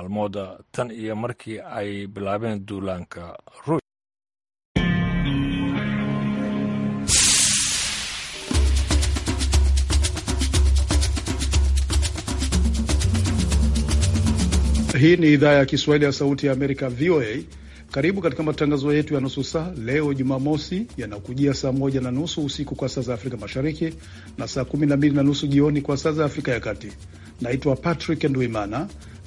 maalmooda tan iyo markii ay bilaabeen duulaanka ruush Hii ni idhaa ya Kiswahili ya Sauti ya Amerika, VOA. Karibu katika matangazo yetu ya nusu saa leo Jumamosi, yanakujia saa moja na nusu usiku kwa saa za Afrika Mashariki na saa kumi na mbili na nusu jioni kwa saa za Afrika ya Kati. Naitwa Patrick Ndwimana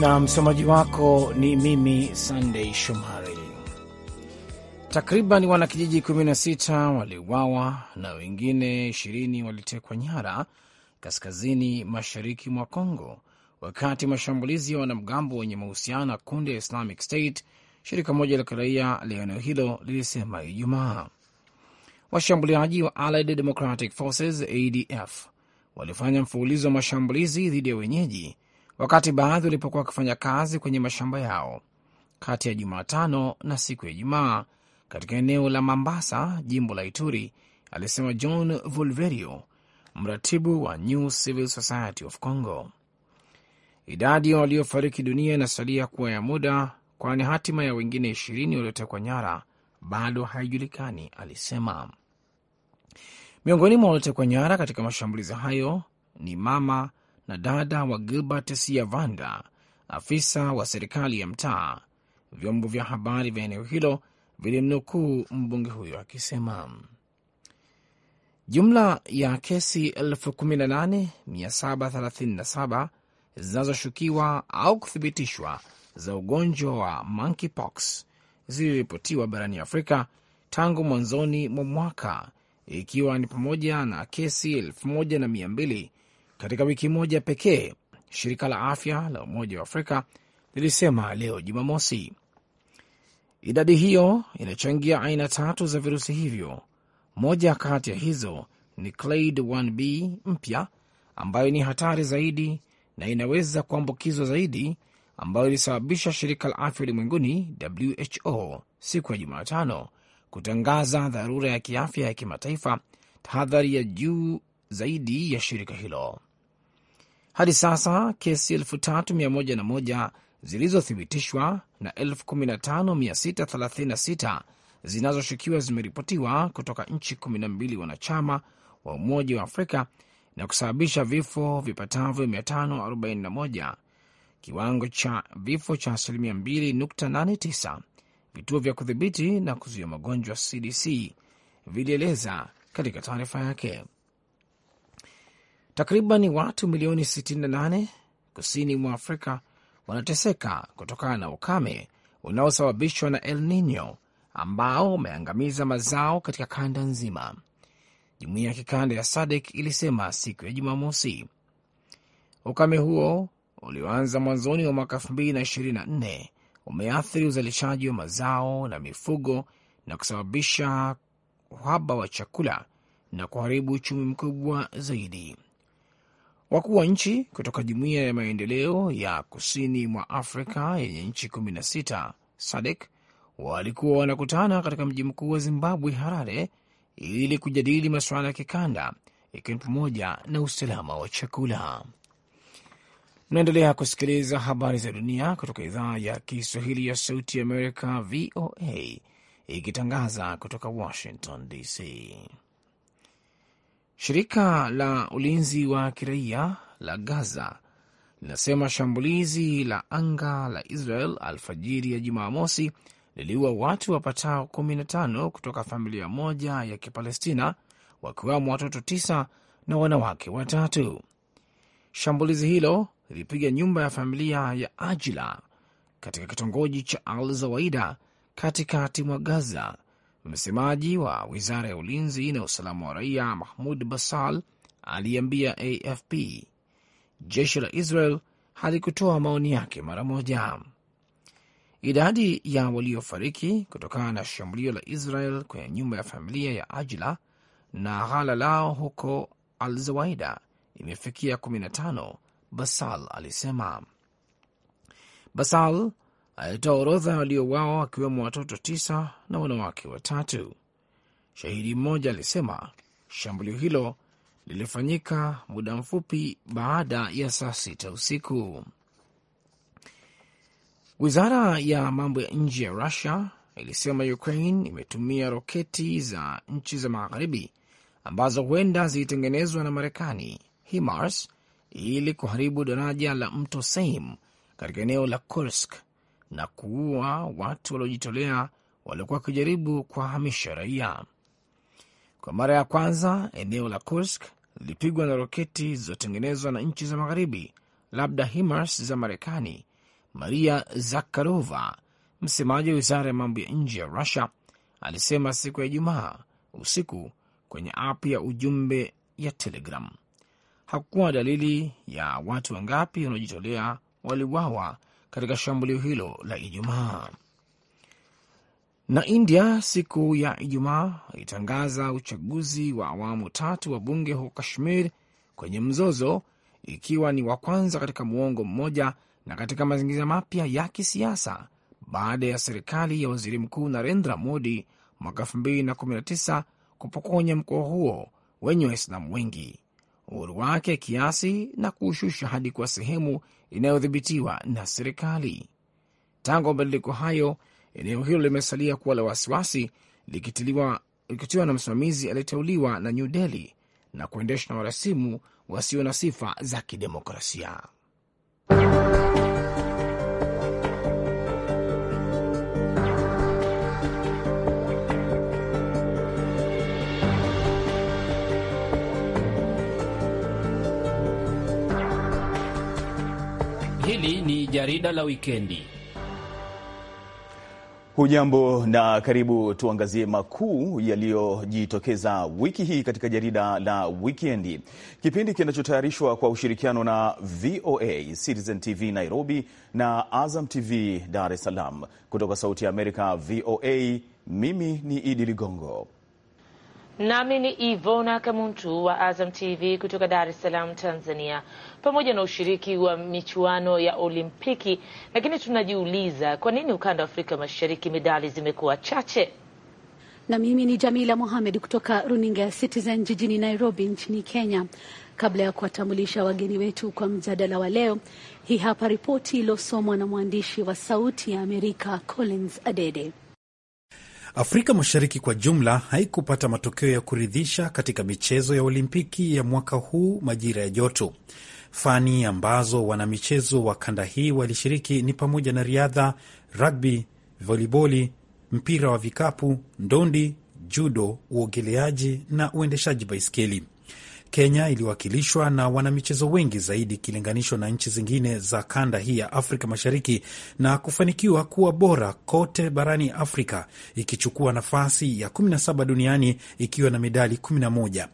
na msomaji wako ni mimi Sandei Shomari. Takriban wanakijiji 16 waliuawa na wengine 20 walitekwa nyara kaskazini mashariki mwa congo wakati mashambulizi ya wanamgambo wenye mahusiano na kundi ya Islamic State, shirika moja la kiraia la eneo hilo lilisema Ijumaa. Washambuliaji wa Allied Democratic Forces ADF walifanya mfululizo wa mashambulizi dhidi ya wenyeji wakati baadhi walipokuwa wakifanya kazi kwenye mashamba yao kati ya Jumatano na siku ya Ijumaa katika eneo la Mambasa, jimbo la Ituri, alisema John Volverio, mratibu wa New Civil Society of Congo. Idadi ya waliofariki dunia inasalia kuwa ya muda, kwani hatima ya wengine ishirini waliotekwa nyara bado haijulikani, alisema. Miongoni mwa waliotekwa nyara katika mashambulizi hayo ni mama na dada wa Gilbert Siavanda, afisa wa serikali ya mtaa. Vyombo vya habari vya eneo hilo vilimnukuu mbunge huyo akisema jumla ya kesi 18737 zinazoshukiwa au kuthibitishwa za ugonjwa wa monkeypox ziliripotiwa barani Afrika tangu mwanzoni mwa mwaka, ikiwa ni pamoja na kesi 1200 katika wiki moja pekee, shirika la afya la Umoja wa Afrika lilisema leo Jumamosi. Idadi hiyo inachangia aina tatu za virusi hivyo. Moja kati ya hizo ni clade 1b mpya ambayo ni hatari zaidi na inaweza kuambukizwa zaidi, ambayo ilisababisha shirika la afya ulimwenguni WHO siku ya Jumatano kutangaza dharura ya kiafya ya kimataifa, tahadhari ya juu zaidi ya shirika hilo. Hadi sasa kesi 31 zilizothibitishwa na 15636 zinazoshukiwa zimeripotiwa kutoka nchi 12 wanachama wa Umoja wa Afrika na kusababisha vifo vipatavyo 541, kiwango cha vifo cha asilimia 2.89, vituo vya kudhibiti na kuzuia magonjwa CDC vilieleza katika taarifa yake. Takriban watu milioni 68 kusini mwa Afrika wanateseka kutokana na ukame unaosababishwa na El Nino ambao umeangamiza mazao katika kanda nzima. Jumuiya ya kikanda ya SADC ilisema siku ya Jumamosi. Ukame huo ulioanza mwanzoni wa mwaka 2024 umeathiri uzalishaji wa mazao na mifugo na kusababisha uhaba wa chakula na kuharibu uchumi mkubwa zaidi. Wakuu wa nchi kutoka jumuiya ya maendeleo ya kusini mwa Afrika yenye nchi 16 SADC walikuwa wanakutana katika mji mkuu wa Zimbabwe, Harare, ili kujadili masuala ya kikanda ikiwa ni pamoja na usalama wa chakula. Mnaendelea kusikiliza habari za dunia kutoka idhaa ya Kiswahili ya Sauti ya Amerika, VOA, ikitangaza kutoka Washington DC. Shirika la ulinzi wa kiraia la Gaza linasema shambulizi la anga la Israel alfajiri ya Jumamosi liliua watu wapatao 15 kutoka familia moja ya Kipalestina, wakiwamo watoto tisa na wanawake watatu. Shambulizi hilo lilipiga nyumba ya familia ya Ajila katika kitongoji cha Al Zawaida katikati mwa Gaza Msemaji wa wizara ya ulinzi na usalama wa raia Mahmud Basal aliambia AFP jeshi la Israel halikutoa maoni yake mara moja. Idadi ya waliofariki kutokana na shambulio la Israel kwenye nyumba ya familia ya Ajla na ghala lao huko zawaida imefikia 15, Basal alisema. Basal alitoa orodha waliowawa waliouawa wakiwemo watoto tisa na wanawake watatu. Shahidi mmoja alisema shambulio hilo lilifanyika muda mfupi baada ya saa sita usiku. Wizara ya mambo ya nje ya Rusia ilisema Ukraine imetumia roketi za nchi za magharibi ambazo huenda zilitengenezwa na Marekani HIMARS ili kuharibu daraja la mto Seim katika eneo la Kursk na kuua watu waliojitolea waliokuwa wakijaribu kuwahamisha raia. Kwa mara ya kwanza eneo la Kursk lilipigwa na roketi zilizotengenezwa na nchi za magharibi, labda HIMARS za Marekani. Maria Zakharova, msemaji wa wizara ya mambo ya nje ya Rusia, alisema siku ya Ijumaa usiku kwenye ap ya ujumbe ya Telegram. Hakukuwa dalili ya watu wangapi wanaojitolea waliwawa katika shambulio hilo la Ijumaa. Na India siku ya Ijumaa ilitangaza uchaguzi wa awamu tatu wa bunge huko Kashmir kwenye mzozo, ikiwa ni wa kwanza katika muongo mmoja na katika mazingira mapya ya kisiasa baada ya serikali ya waziri mkuu Narendra Modi mwaka 2019 kupokonya mkoa huo wenye Waislamu wengi uhuru wake kiasi na kuushusha hadi kwa sehemu inayodhibitiwa na serikali. Tangu mabadiliko hayo, eneo hilo limesalia kuwa la wasiwasi, likitiliwa na msimamizi aliyeteuliwa na New Delhi na kuendeshwa na warasimu wasio na sifa za kidemokrasia. Hili ni jarida la wikendi. Hujambo na karibu, tuangazie makuu yaliyojitokeza wiki hii katika jarida la wikendi, kipindi kinachotayarishwa kwa ushirikiano na VOA, Citizen TV Nairobi na Azam TV Dar es Salaam. Kutoka Sauti ya Amerika VOA, mimi ni Idi Ligongo. Nami ni Ivona Kamuntu wa Azam TV kutoka Dar es Salaam, Tanzania. Pamoja na ushiriki wa michuano ya Olimpiki, lakini tunajiuliza kwa nini ukanda wa Afrika Mashariki medali zimekuwa chache? Na mimi ni Jamila Mohamed kutoka runinga ya Citizen jijini Nairobi nchini Kenya. Kabla ya kuwatambulisha wageni wetu kwa mjadala wa leo, hii hapa ripoti iliyosomwa na mwandishi wa Sauti ya Amerika Collins Adede. Afrika Mashariki kwa jumla haikupata matokeo ya kuridhisha katika michezo ya Olimpiki ya mwaka huu majira ya joto. Fani ambazo wanamichezo wa kanda hii walishiriki ni pamoja na riadha, ragbi, voliboli, mpira wa vikapu, ndondi, judo, uogeleaji na uendeshaji baiskeli. Kenya iliwakilishwa na wanamichezo wengi zaidi ikilinganishwa na nchi zingine za kanda hii ya Afrika Mashariki na kufanikiwa kuwa bora kote barani Afrika, ikichukua nafasi ya 17 duniani ikiwa na medali 11.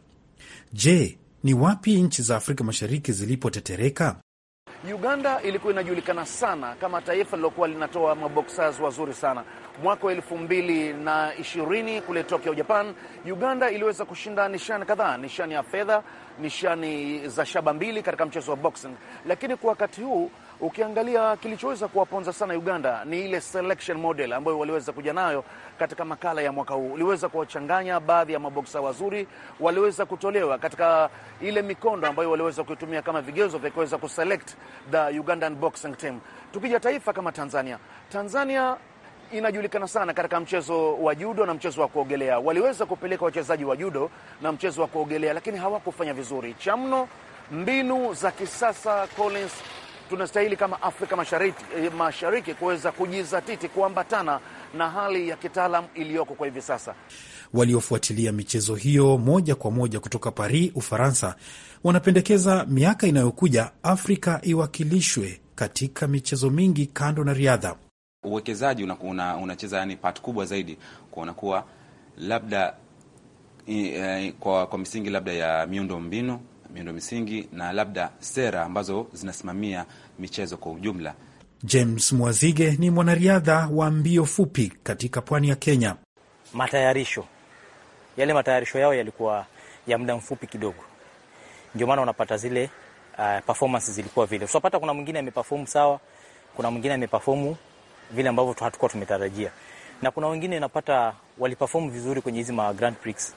Je, ni wapi nchi za Afrika Mashariki zilipotetereka? Uganda ilikuwa inajulikana sana kama taifa lilokuwa linatoa maboxers wazuri sana. Mwaka wa elfu mbili na ishirini kule Tokyo, Japan, Uganda iliweza kushinda nishani kadhaa, nishani ya fedha, nishani za shaba mbili katika mchezo wa boxing, lakini kwa wakati huu Ukiangalia kilichoweza kuwaponza sana Uganda ni ile selection model ambayo waliweza kuja nayo katika makala ya mwaka huu. Uliweza kuwachanganya baadhi ya maboksa wazuri, waliweza kutolewa katika ile mikondo ambayo waliweza kuitumia kama vigezo vya kuweza kuselect the Ugandan boxing team. Tukija taifa kama Tanzania, Tanzania inajulikana sana katika mchezo wa judo na mchezo wa kuogelea. Waliweza kupeleka wachezaji wa judo na mchezo wa kuogelea, lakini hawakufanya vizuri. Cha mno mbinu za kisasa Collins tunastahili kama Afrika Mashariki, eh, Mashariki kuweza kujizatiti kuambatana na hali ya kitaalam iliyoko kwa hivi sasa. Waliofuatilia michezo hiyo moja kwa moja kutoka Paris, Ufaransa, wanapendekeza miaka inayokuja Afrika iwakilishwe katika michezo mingi kando na riadha. Uwekezaji unacheza una, una yani part kubwa zaidi kuona kuwa labda i, eh, i, kwa, kwa misingi labda ya miundo mbinu miundo misingi na labda sera ambazo zinasimamia michezo kwa ujumla. James Mwazige ni mwanariadha wa mbio fupi katika pwani ya Kenya. Matayarisho yale matayarisho yao yalikuwa ya muda mfupi kidogo, ndio maana unapata zile uh, performance zilikuwa vile usapata. So, kuna mwingine ameperform sawa, kuna mwingine ameperform vile ambavyo hatukuwa tumetarajia, na kuna wengine napata waliperform vizuri kwenye hizi ma Grand Prix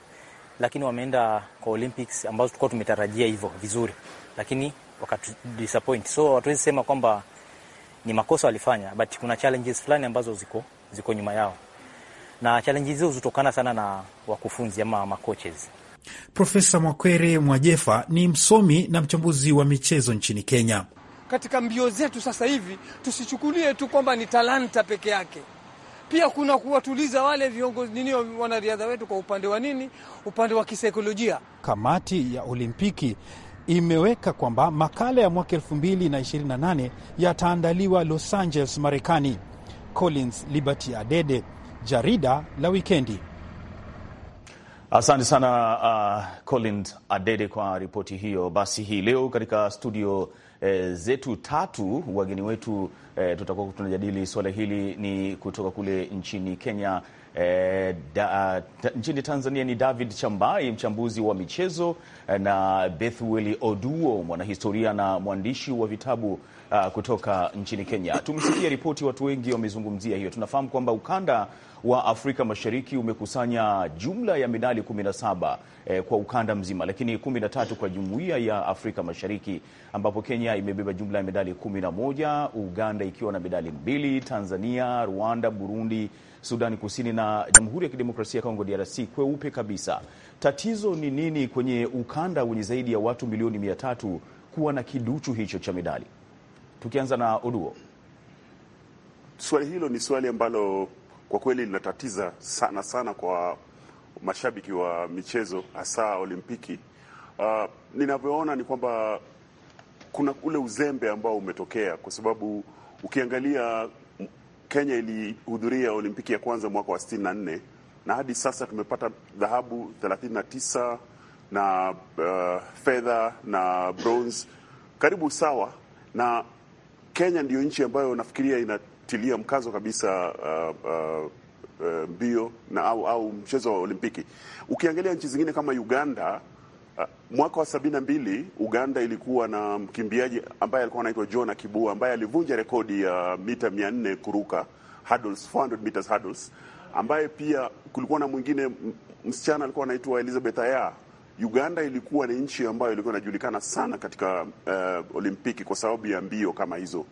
lakini wameenda kwa Olympics ambazo tulikuwa tumetarajia hivyo vizuri, lakini wakatudisappoint. So hatuwezi sema kwamba ni makosa walifanya, but kuna challenges fulani ambazo ziko, ziko nyuma yao na challenges hizo zitokana sana na wakufunzi ama makoches. Profesa Mwakwere Mwajefa ni msomi na mchambuzi wa michezo nchini Kenya. Katika mbio zetu sasa hivi tusichukulie tu kwamba ni talanta peke yake pia kuna kuwatuliza wale viongozi nini, wanariadha wetu kwa upande wa nini, upande wa kisaikolojia. Kamati ya Olimpiki imeweka kwamba makala ya mwaka 228 yataandaliwa Los Angeles, Marekani. Collins Liberty Adede, jarida la wikendi. Asante sana uh, Collins Adede kwa ripoti hiyo. Basi hii leo katika studio e, zetu tatu, wageni wetu e, tutakuwa tunajadili suala hili. Ni kutoka kule nchini Kenya e, da, ta, nchini Tanzania ni David Chambai, mchambuzi wa michezo, na Bethwel Oduo, mwanahistoria na mwandishi wa vitabu uh, kutoka nchini Kenya. Tumesikia ripoti, watu wengi wamezungumzia hiyo. Tunafahamu kwamba ukanda wa Afrika Mashariki umekusanya jumla ya medali 17 eh, kwa ukanda mzima, lakini kumi na kwa jumuiya ya Afrika Mashariki, ambapo Kenya imebeba jumla ya medali 11, Uganda ikiwa na medali mbili, Tanzania, Rwanda, Burundi, Sudani Kusini na Jamhuri ya Kidemokrasia ya Kongo DRC kweupe kabisa. Tatizo ni nini kwenye ukanda wenye zaidi ya watu milioni mia tatu kuwa na kiduchu hicho cha medali? tukianza na Oduo. Swali hilo ni swali ambalo kwa kweli linatatiza sana sana kwa mashabiki wa michezo hasa Olimpiki. Uh, ninavyoona ni kwamba kuna ule uzembe ambao umetokea kwa sababu ukiangalia Kenya ilihudhuria Olimpiki ya kwanza mwaka wa 64 na hadi sasa tumepata dhahabu 39 na uh, fedha na bronze karibu sawa na Kenya ndiyo nchi ambayo nafikiria inatilia mkazo kabisa uh, uh, uh, mbio na au, au mchezo wa Olimpiki. Ukiangalia nchi zingine kama Uganda uh, mwaka wa sabini na mbili Uganda ilikuwa na mkimbiaji ambaye alikuwa anaitwa John Akibua ambaye alivunja rekodi ya mita mia nne kuruka hurdles, 400 meters hurdles, ambaye pia kulikuwa na mwingine msichana alikuwa anaitwa Elizabeth Aya Uganda ilikuwa ni nchi ambayo ilikuwa inajulikana sana katika uh, Olimpiki kwa sababu ya mbio kama hizo.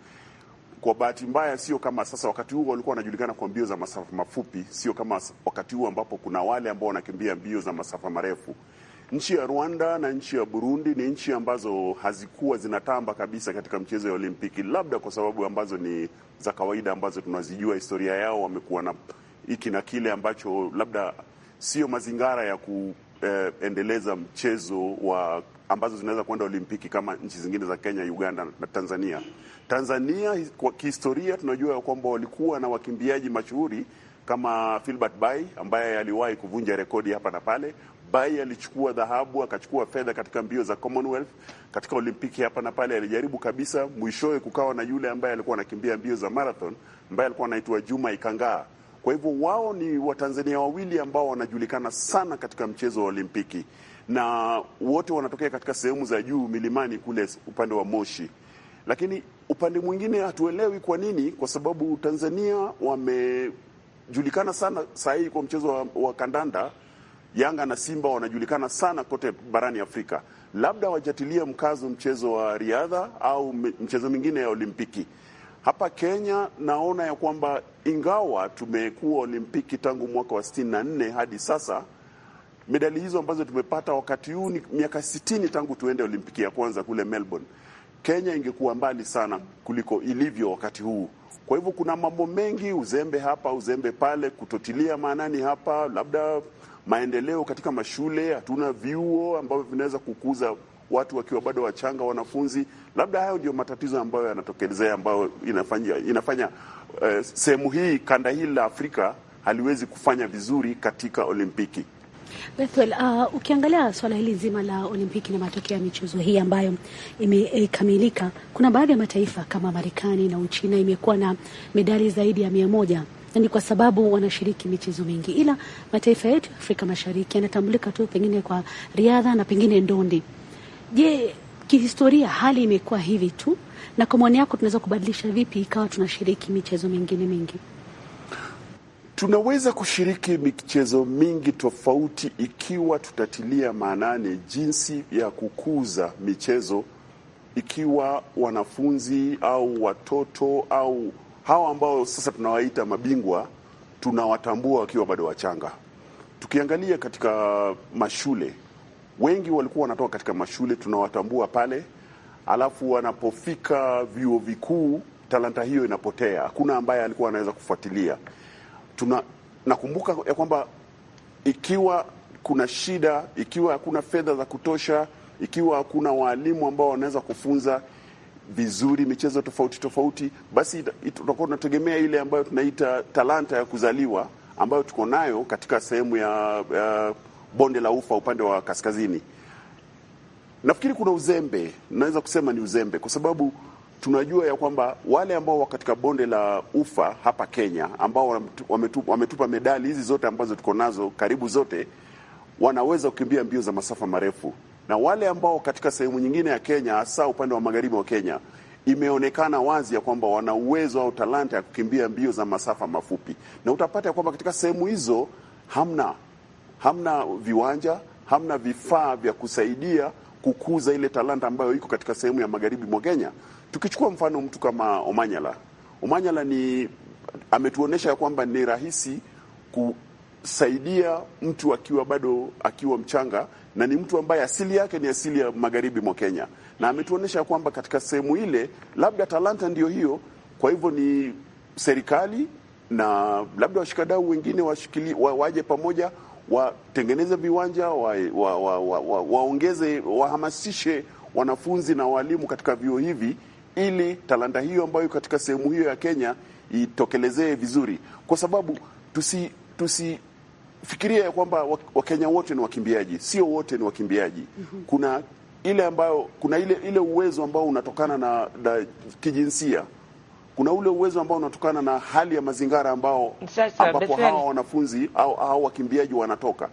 Kwa bahati mbaya, sio kama sasa. Wakati huo walikuwa wanajulikana kwa mbio za masafa mafupi, sio kama wakati huo ambapo kuna wale ambao wanakimbia mbio za masafa marefu. Nchi ya Rwanda na nchi ya Burundi ni nchi ambazo hazikuwa zinatamba kabisa katika mchezo ya Olimpiki, labda kwa sababu ambazo ni za kawaida ambazo tunazijua historia yao. Wamekuwa na hiki na kile ambacho labda sio mazingara ya ku eh, endeleza mchezo wa ambazo zinaweza kwenda Olimpiki kama nchi zingine za Kenya, Uganda na Tanzania. Tanzania kwa kihistoria tunajua kwamba walikuwa na wakimbiaji mashuhuri kama Filbert Bayi ambaye aliwahi kuvunja rekodi hapa na pale. Bayi alichukua dhahabu, akachukua fedha katika mbio za Commonwealth, katika Olimpiki hapa na pale alijaribu kabisa. Mwishowe kukawa na yule ambaye alikuwa anakimbia mbio za marathon ambaye alikuwa anaitwa Juma Ikangaa kwa hivyo wao ni Watanzania wawili ambao wanajulikana sana katika mchezo wa Olimpiki na wote wanatokea katika sehemu za juu milimani kule upande wa Moshi, lakini upande mwingine hatuelewi kwa nini, kwa sababu Tanzania wamejulikana sana saa hii kwa mchezo wa, wa kandanda. Yanga na Simba wanajulikana sana kote barani Afrika, labda wajatilia mkazo mchezo wa riadha au mchezo mingine ya Olimpiki. Hapa Kenya naona ya kwamba ingawa tumekuwa Olimpiki tangu mwaka wa 64 hadi sasa, medali hizo ambazo tumepata wakati huu ni miaka 60 tangu tuende Olimpiki ya kwanza kule Melbourne. Kenya ingekuwa mbali sana kuliko ilivyo wakati huu. Kwa hivyo kuna mambo mengi, uzembe hapa, uzembe pale, kutotilia maanani hapa, labda maendeleo katika mashule, hatuna vyuo ambavyo vinaweza kukuza watu wakiwa bado wachanga, wanafunzi. Labda hayo ndio matatizo ambayo yanatokelezea, ambayo inafanya, inafanya eh, sehemu hii, kanda hili la Afrika haliwezi kufanya vizuri katika Olimpiki. Bethel, uh, ukiangalia swala hili zima la Olimpiki na matokeo ya michezo hii ambayo imekamilika, kuna baadhi ya mataifa kama Marekani na Uchina imekuwa na medali zaidi ya mia moja na ni kwa sababu wanashiriki michezo mingi, ila mataifa yetu ya Afrika Mashariki yanatambulika tu pengine kwa riadha na pengine ndondi. Je, kihistoria hali imekuwa hivi tu, na kwa maoni yako tunaweza kubadilisha vipi ikawa tunashiriki michezo mingine mingi? Tunaweza kushiriki michezo mingi tofauti ikiwa tutatilia maanani jinsi ya kukuza michezo, ikiwa wanafunzi au watoto au hawa ambao sasa tunawaita mabingwa tunawatambua wakiwa bado wachanga. Tukiangalia katika mashule wengi walikuwa wanatoka katika mashule tunawatambua pale, alafu wanapofika vyuo vikuu talanta hiyo inapotea, hakuna ambaye alikuwa anaweza kufuatilia. Tuna nakumbuka ya kwamba ikiwa kuna shida, ikiwa hakuna fedha za kutosha, ikiwa hakuna waalimu ambao wanaweza kufunza vizuri michezo tofauti tofauti, basi tutakuwa tunategemea ile ambayo tunaita talanta ya kuzaliwa ambayo tuko nayo katika sehemu ya, ya bonde la ufa upande wa kaskazini. Nafikiri kuna uzembe, naweza kusema ni uzembe, kwa sababu tunajua ya kwamba wale ambao wa katika bonde la ufa hapa Kenya ambao wametupa, wametupa medali hizi zote ambazo tuko nazo karibu zote, wanaweza kukimbia mbio za masafa marefu, na wale ambao katika sehemu nyingine ya Kenya, hasa upande wa magharibi wa Kenya, imeonekana wazi ya kwamba wana uwezo au talanta ya kukimbia mbio za masafa mafupi, na utapata ya kwamba katika sehemu hizo hamna hamna viwanja, hamna vifaa vya kusaidia kukuza ile talanta ambayo iko katika sehemu ya magharibi mwa Kenya. Tukichukua mfano mtu kama Omanyala, Omanyala ni ametuonesha ya kwamba ni rahisi kusaidia mtu akiwa bado akiwa mchanga, na ni mtu ambaye asili yake ni asili ya magharibi mwa Kenya, na ametuonesha ya kwamba katika sehemu ile labda talanta ndiyo hiyo. Kwa hivyo ni serikali na labda washikadau wengine washikili, waje pamoja watengeneze viwanja, waongeze wa, wa, wa, wa, wahamasishe wanafunzi na walimu katika vyuo hivi ili talanta hiyo ambayo katika sehemu hiyo ya Kenya itokelezee vizuri, kwa sababu tusi tusifikirie ya kwamba Wakenya wote ni wakimbiaji. Sio wote ni wakimbiaji. Mhm. Kuna ile ambayo kuna ile, ile uwezo ambao unatokana na, na kijinsia kuna ule uwezo ambao unatokana na hali ya mazingira ambao ambapo hawa wanafunzi au hawa wakimbiaji wanatoka.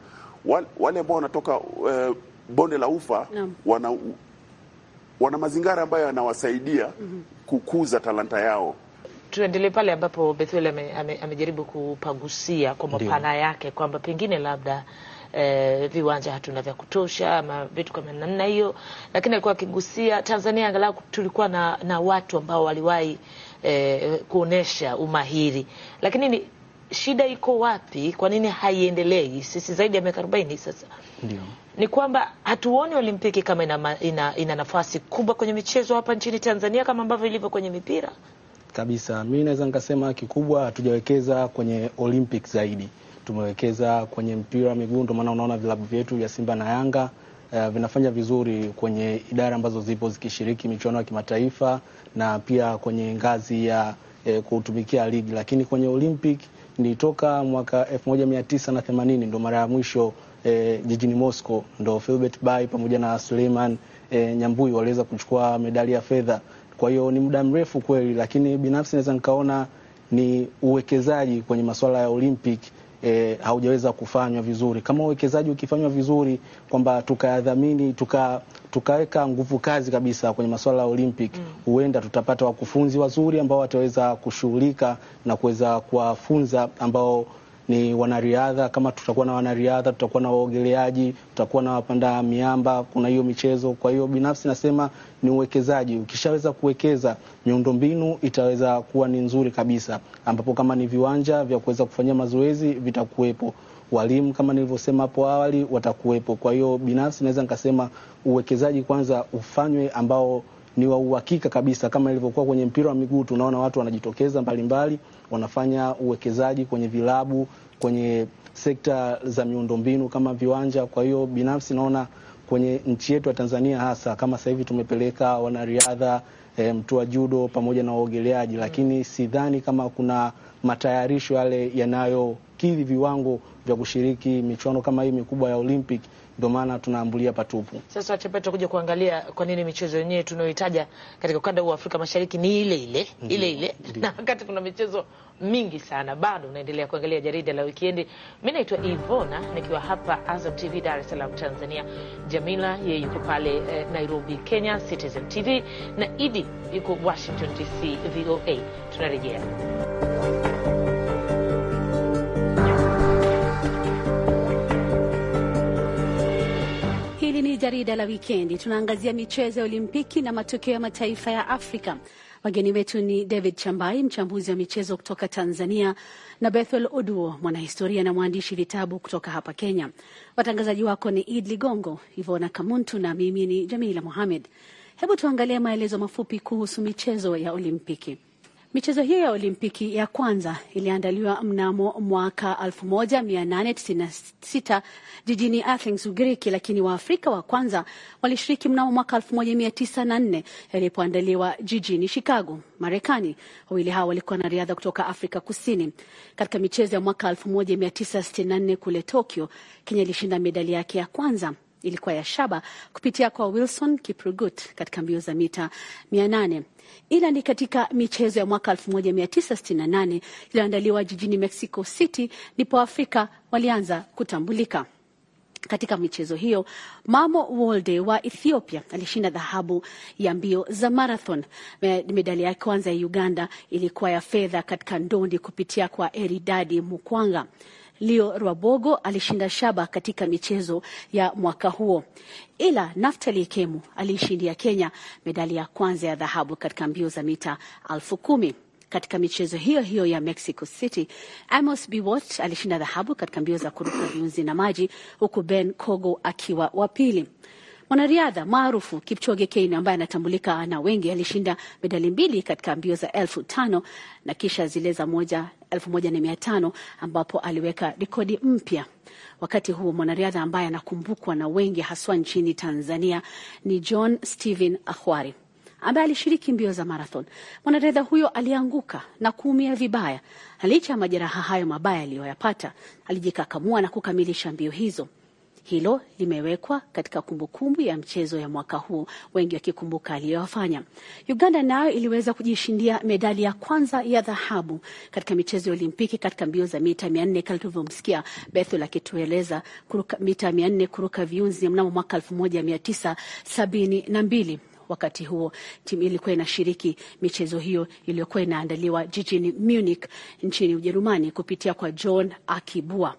Wale ambao wanatoka uh, bonde la ufa no. wana, wana mazingira ambayo yanawasaidia mm -hmm. kukuza talanta yao. Tuendelee pale ambapo Bethuel amejaribu ame, ame kupagusia kwa mapana yake kwamba pengine labda eh, viwanja hatuna vya kutosha ama vitu kama namna hiyo, lakini alikuwa akigusia Tanzania angalau tulikuwa na, na watu ambao waliwahi eh, kuonesha umahiri, lakini ni, shida iko wapi? Kwa nini haiendelei? Sisi zaidi ya miaka 40 sasa. Ndio. Ni kwamba hatuoni Olimpiki kama ina, ina, ina nafasi kubwa kwenye michezo hapa nchini Tanzania kama ambavyo ilivyo kwenye mipira kabisa. Mimi naweza nikasema kikubwa hatujawekeza kwenye Olympic zaidi tumewekeza kwenye mpira wa miguu, ndio maana unaona vilabu vyetu vya Simba na Yanga uh, vinafanya vizuri kwenye idara ambazo zipo zikishiriki michuano ya kimataifa na pia kwenye ngazi ya eh, kutumikia ligi, lakini kwenye Olympic ni toka mwaka 1980 ndo mara ya mwisho eh, jijini Moscow ndo Philbert Bay pamoja na Suleiman eh, Nyambui waliweza kuchukua medali ya fedha. Kwa hiyo ni muda mrefu kweli, lakini binafsi naweza nikaona ni uwekezaji kwenye masuala ya Olympic e, haujaweza kufanywa vizuri. Kama uwekezaji ukifanywa vizuri, kwamba tukayadhamini tuka tukaweka nguvu kazi kabisa kwenye masuala ya Olympic, mm. huenda mm. tutapata wakufunzi wazuri ambao wataweza kushughulika na kuweza kuwafunza ambao ni wanariadha. Kama tutakuwa na wanariadha, tutakuwa na waogeleaji, tutakuwa na wapanda miamba, kuna hiyo michezo. Kwa hiyo binafsi nasema ni uwekezaji. Ukishaweza kuwekeza miundombinu, itaweza kuwa ni nzuri kabisa, ambapo kama ni viwanja vya kuweza kufanyia mazoezi vitakuwepo, walimu kama nilivyosema hapo awali watakuwepo. Kwa hiyo binafsi naweza nikasema uwekezaji kwanza ufanywe ambao ni wa uhakika kabisa, kama ilivyokuwa kwenye mpira wa miguu. Tunaona watu wanajitokeza mbalimbali mbali, wanafanya uwekezaji kwenye vilabu, kwenye sekta za miundombinu kama viwanja. Kwa hiyo binafsi naona kwenye nchi yetu ya Tanzania hasa kama sasa hivi tumepeleka wanariadha e, mtu wa judo pamoja na waogeleaji, lakini sidhani kama kuna matayarisho yale yanayo kukidhi viwango vya kushiriki michuano kama hii mikubwa ya Olympic, ndio maana tunaambulia patupu. Sasa pete kuja kuangalia kwa nini michezo yenyewe tunayohitaja katika ukanda huu wa Afrika Mashariki ni ile ile ile ile, na wakati kuna michezo mingi sana bado. Unaendelea kuangalia jarida la wikiendi Mi naitwa Ivona nikiwa hapa Azam TV Dar es Salaam Tanzania. Jamila yeye yuko pale eh, Nairobi Kenya, Citizen TV na Idi yuko Washington DC VOA. Tunarejea. ni jarida la wikendi. Tunaangazia michezo ya Olimpiki na matokeo ya mataifa ya Afrika. Wageni wetu ni David Chambai, mchambuzi wa michezo kutoka Tanzania, na Bethel Oduo, mwanahistoria na mwandishi vitabu kutoka hapa Kenya. Watangazaji wako ni Id Ligongo, Ivona Kamuntu na mimi ni Jamila Mohamed. Hebu tuangalie maelezo mafupi kuhusu michezo ya Olimpiki. Michezo hiyo ya Olimpiki ya kwanza iliandaliwa mnamo mwaka 1896 jijini Athens, Ugiriki, lakini Waafrika wa kwanza walishiriki mnamo mwaka 1904 yalipoandaliwa jijini Chicago, Marekani. Wawili hao walikuwa na riadha kutoka Afrika Kusini. Katika michezo ya mwaka 1964 kule Tokyo, Kenya ilishinda medali yake ya kwanza ilikuwa ya shaba kupitia kwa Wilson Kiprugut katika mbio za mita 800. Ila ni katika michezo ya mwaka 1968 iliyoandaliwa jijini Mexico City ndipo Afrika walianza kutambulika. Katika michezo hiyo Mamo Wolde wa Ethiopia alishinda dhahabu ya mbio za marathon. Medali ya kwanza ya Uganda ilikuwa ya fedha katika ndondi kupitia kwa Eridadi Mukwanga. Leo Rwabogo alishinda shaba katika michezo ya mwaka huo, ila Naftali Kemu aliishindia Kenya medali ya kwanza ya dhahabu katika mbio za mita elfu kumi. Katika michezo hiyo hiyo ya Mexico City, Amos Biwott alishinda dhahabu katika mbio za kuruka viunzi na maji, huku Ben Kogo akiwa wa pili. Mwanariadha maarufu Kipchoge Keino ambaye anatambulika na wengi alishinda medali mbili katika mbio za elfu tano na kisha zile za moja elfu moja na mia tano ambapo aliweka rekodi mpya. Wakati huo mwanariadha ambaye anakumbukwa na wengi haswa nchini Tanzania ni John Stephen Akhwari ambaye alishiriki mbio za marathon. Mwanariadha huyo alianguka na kuumia vibaya. Licha ya majeraha hayo mabaya aliyoyapata, alijikakamua na kukamilisha mbio hizo. Hilo limewekwa katika kumbukumbu ya mchezo ya mwaka huu, wengi wakikumbuka aliyoyafanya. Uganda nayo iliweza kujishindia medali ya kwanza ya dhahabu katika michezo ya Olimpiki katika mbio za mita 400 kama tulivyomsikia Bethel akitueleza mita 400 kuruka viunzi mnamo mwaka 1972. Wakati huo timu ilikuwa inashiriki michezo hiyo iliyokuwa inaandaliwa jijini Munich nchini Ujerumani kupitia kwa John Akibua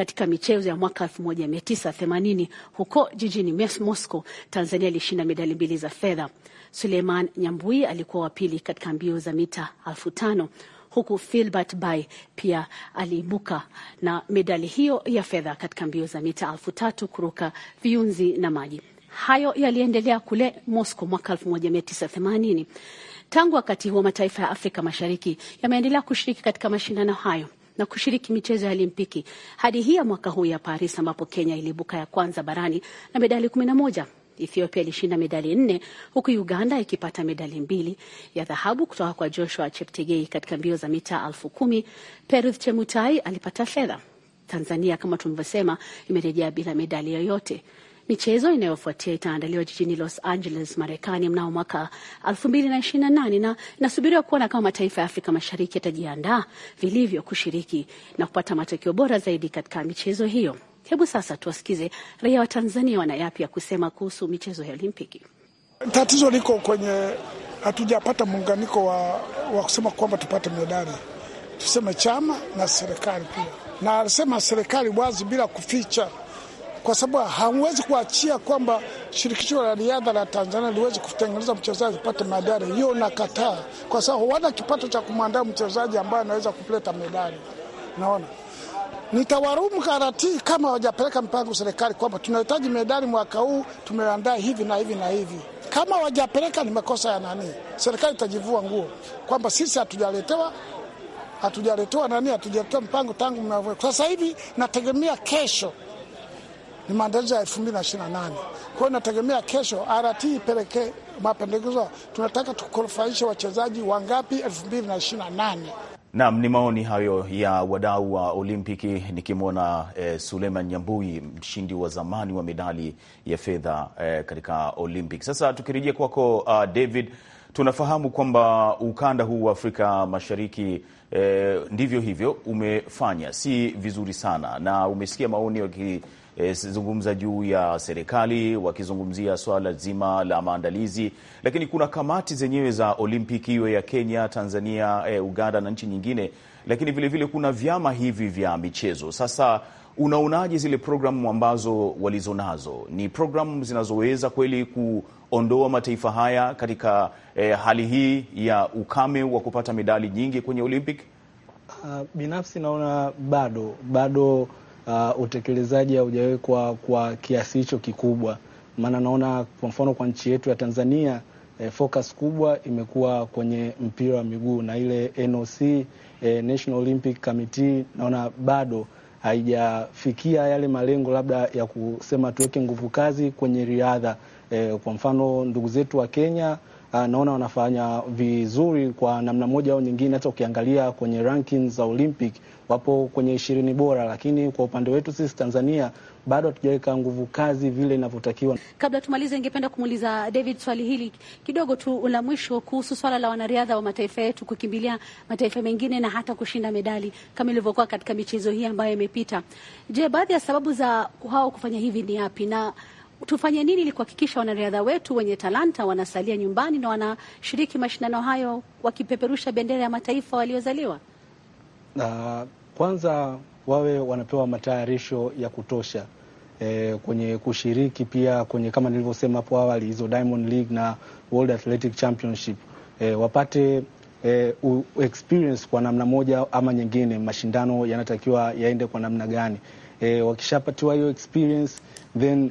katika michezo ya mwaka 1980 huko jijini Moscow. Tanzania ilishinda medali mbili za fedha. Suleiman Nyambui alikuwa wa pili katika mbio za mita elfu tano huku Filbert Bay pia aliibuka na medali hiyo ya fedha katika mbio za mita elfu tatu kuruka viunzi na maji. Hayo yaliendelea kule Moscow mwaka 1980. Tangu wakati huo mataifa ya Afrika Mashariki yameendelea kushiriki katika mashindano hayo na kushiriki michezo ya Olimpiki hadi hii ya mwaka huu ya Paris, ambapo Kenya iliibuka ya kwanza barani na medali kumi na moja. Ethiopia ilishinda medali nne huku Uganda ikipata medali mbili ya dhahabu kutoka kwa Joshua Cheptegei katika mbio za mita elfu kumi. Peruth Chemutai alipata fedha. Tanzania kama tulivyosema, imerejea bila medali yoyote. Michezo inayofuatia itaandaliwa jijini Los Angeles, Marekani mnamo mwaka 2028 na inasubiriwa kuona kama mataifa ya Afrika Mashariki yatajiandaa vilivyo kushiriki na kupata matokeo bora zaidi katika michezo hiyo. Hebu sasa tuwasikize raia wa Tanzania wana yapi ya kusema kuhusu michezo ya Olimpiki. Tatizo liko kwenye, hatujapata muunganiko wa, wa kusema kwamba tupate medali, tuseme chama na serikali pia, na alisema serikali wazi bila kuficha kwa sababu hamwezi kuachia kwamba shirikisho la riadha la Tanzania liwezi kutengeneza mchezaji apate medali. Hiyo nakataa, kwa sababu wana kipato cha kumwandaa mchezaji ambaye anaweza kuleta medali. Naona nitawarumu karati kama wajapeleka mpango serikali kwamba tunahitaji medali mwaka huu, tumeandaa hivi na hivi na hivi. Kama wajapeleka ni makosa ya nani? Serikali itajivua nguo kwamba sisi hatujaletewa hatujaletewa nani, hatujaletewa mpango tangu sasa hivi, nategemea kesho ni maandalizi ya 2028. Kwa hiyo nategemea kesho RT ipeleke mapendekezo, tunataka tukorofaishe wachezaji wangapi 2028. Naam, ni maoni hayo ya wadau wa Olimpiki nikimwona eh, Suleiman Nyambui, mshindi wa zamani wa medali ya fedha eh, katika Olympic. Sasa tukirejea kwako uh, David, tunafahamu kwamba ukanda huu wa Afrika Mashariki eh, ndivyo hivyo umefanya si vizuri sana, na umesikia maoni e, eh, zungumza juu ya serikali, wakizungumzia swala zima la maandalizi, lakini kuna kamati zenyewe za Olimpiki, hiyo ya Kenya, Tanzania, e, Uganda na nchi nyingine, lakini vilevile vile kuna vyama hivi vya michezo. Sasa unaonaje zile programu ambazo walizonazo? Ni programu zinazoweza kweli kuondoa mataifa haya katika e, hali hii ya ukame wa kupata medali nyingi kwenye Olimpiki? Uh, binafsi naona bado bado uh, utekelezaji haujawekwa kwa kiasi hicho kikubwa. Maana naona kwa mfano kwa nchi yetu ya Tanzania eh, focus kubwa imekuwa kwenye mpira wa miguu na ile NOC eh, National Olympic Committee naona bado haijafikia yale malengo labda ya kusema tuweke nguvu kazi kwenye riadha. Eh, kwa mfano ndugu zetu wa Kenya uh, naona wanafanya vizuri kwa namna moja au nyingine. Hata ukiangalia kwenye rankings za Olympic wapo kwenye ishirini bora, lakini kwa upande wetu sisi Tanzania bado hatujaweka nguvu kazi vile inavyotakiwa. Kabla tumalize, ningependa kumuuliza David swali hili kidogo tu la mwisho kuhusu swala la wanariadha wa mataifa yetu kukimbilia mataifa mengine na hata kushinda medali kama ilivyokuwa katika michezo hii ambayo imepita. Je, baadhi ya sababu za hao kufanya hivi ni yapi na tufanye nini ili kuhakikisha wanariadha wetu wenye talanta wanasalia nyumbani na wanashiriki mashindano hayo wakipeperusha bendera ya mataifa waliozaliwa? Uh, kwanza wawe wanapewa matayarisho ya kutosha e, kwenye kushiriki pia kwenye kama nilivyosema hapo awali hizo Diamond League na World Athletic Championship e, wapate e, u, experience kwa namna moja ama nyingine, mashindano yanatakiwa yaende kwa namna gani. E, wakishapatiwa hiyo experience then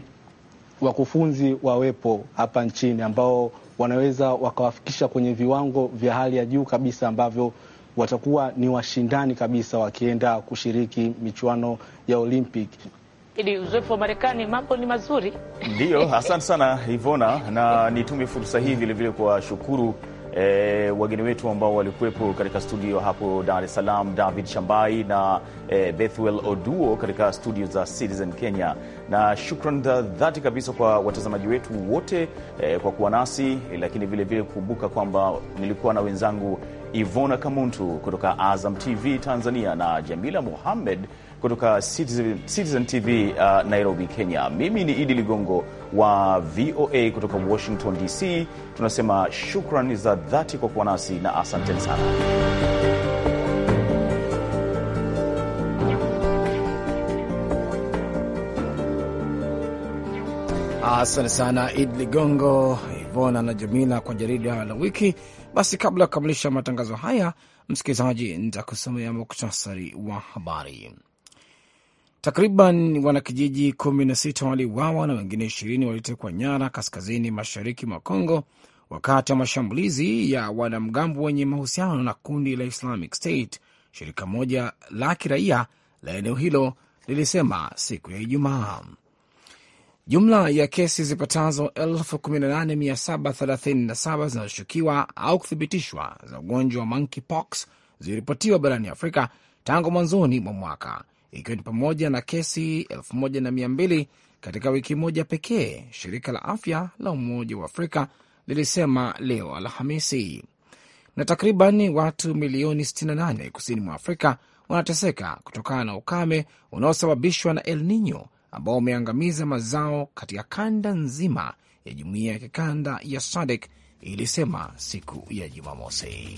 wakufunzi wawepo hapa nchini ambao wanaweza wakawafikisha kwenye viwango vya hali ya juu kabisa ambavyo watakuwa ni washindani kabisa wakienda kushiriki michuano ya Olympic. Ili uzoefu wa Marekani, mambo ni mazuri. Ndiyo, asante sana Ivona, na nitumie fursa hii vilevile kuwashukuru e, wageni wetu ambao walikuwepo katika studio hapo Dar es Salaam, David Shambai na e, Bethwel Oduo katika studio za Citizen Kenya, na shukran za dhati kabisa kwa watazamaji wetu wote e, kwa kuwa nasi, lakini vilevile kukumbuka kwamba nilikuwa na wenzangu Ivona Kamuntu kutoka Azam TV Tanzania na Jamila Muhammed kutoka Citizen, TV uh, Nairobi, Kenya. Mimi ni Idi Ligongo wa VOA kutoka Washington DC. Tunasema shukrani za dhati kwa kuwa nasi na asanteni sana. Asante sana Idi Ligongo, Ivona na Jamila kwa jarida la wiki. Basi kabla ya kukamilisha matangazo haya, msikilizaji, nitakusomea muktasari wa habari. Takriban wanakijiji kumi na sita waliuawa na wengine ishirini walitekwa nyara kaskazini mashariki mwa congo wakati wa mashambulizi ya wanamgambo wenye mahusiano na kundi la Islamic State, shirika moja la kiraia la eneo hilo lilisema siku ya Ijumaa. Jumla ya kesi zipatazo 18737 zinazoshukiwa au kuthibitishwa za ugonjwa wa monkeypox ziliripotiwa barani Afrika tangu mwanzoni mwa mwaka ikiwa ni pamoja na kesi 1200 katika wiki moja pekee, shirika la afya la Umoja wa Afrika lilisema leo Alhamisi. Na takriban watu milioni 68 kusini mwa Afrika wanateseka kutokana na ukame unaosababishwa na El Nino ambao umeangamiza mazao katika kanda nzima ya jumuiya ya kikanda ya SADC ilisema siku ya Jumamosi.